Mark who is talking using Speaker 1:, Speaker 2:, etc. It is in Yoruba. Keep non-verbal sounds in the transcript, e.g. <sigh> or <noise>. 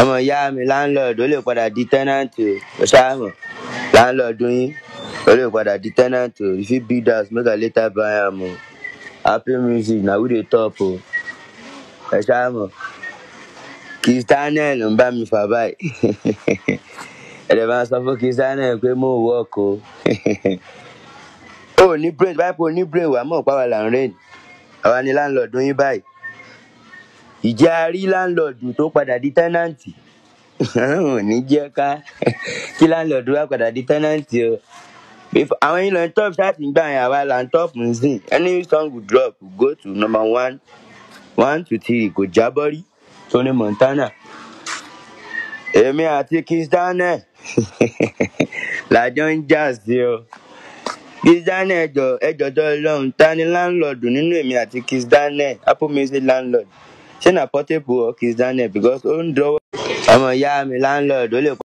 Speaker 1: ọmọ ìyá mi láńlọ́ọ̀dù ó lè padà di tẹ́nàntì o ṣáàmù láńlọ́ọ̀dù yín ó lè padà di tẹ́nàntì o you fit build house make I later buy am happy music na we dey top o ẹ ṣáàmù kìstánẹ̀ ló ń bá mi fà báyìí <laughs> ẹ̀rẹ̀ máa sọ fún kìstánẹ̀ pé mo work o ó <laughs> ní brain báyìí pé ó ní brain wà mọ̀ pàwọ́ là ń rìn àwa ni láńlọ́ọ̀dù yín báyìí ìjà rí láńlọ́ọ̀dù tó padà di tẹ́nàǹtì <laughs> ò ní jẹ́ ká <laughs> kí láńlọ́ọ̀dù wá padà di tẹ́nàǹtì o àwọn yìí lọ ń tọ́pù ṣáàtì ń gbà yẹn àwa là ń tọ́pù ń sìn any song would drop go to number one one to three kò jábọ́ rí Tony Montana èmi àti Kiss Daniel làjọ <laughs> ń jà sí o Kiss Daniel ẹjọ ẹjọ tó lọhùn ta ni láńlọ́ọ̀dù nínú èmi àti Kiss Daniel apple music láńlọ́ọ̀dù ṣé na Portable work is Daniel because ó ń dọ́wọ́ ọmọ ìyá mi láńlọ́ọ̀dù ó lè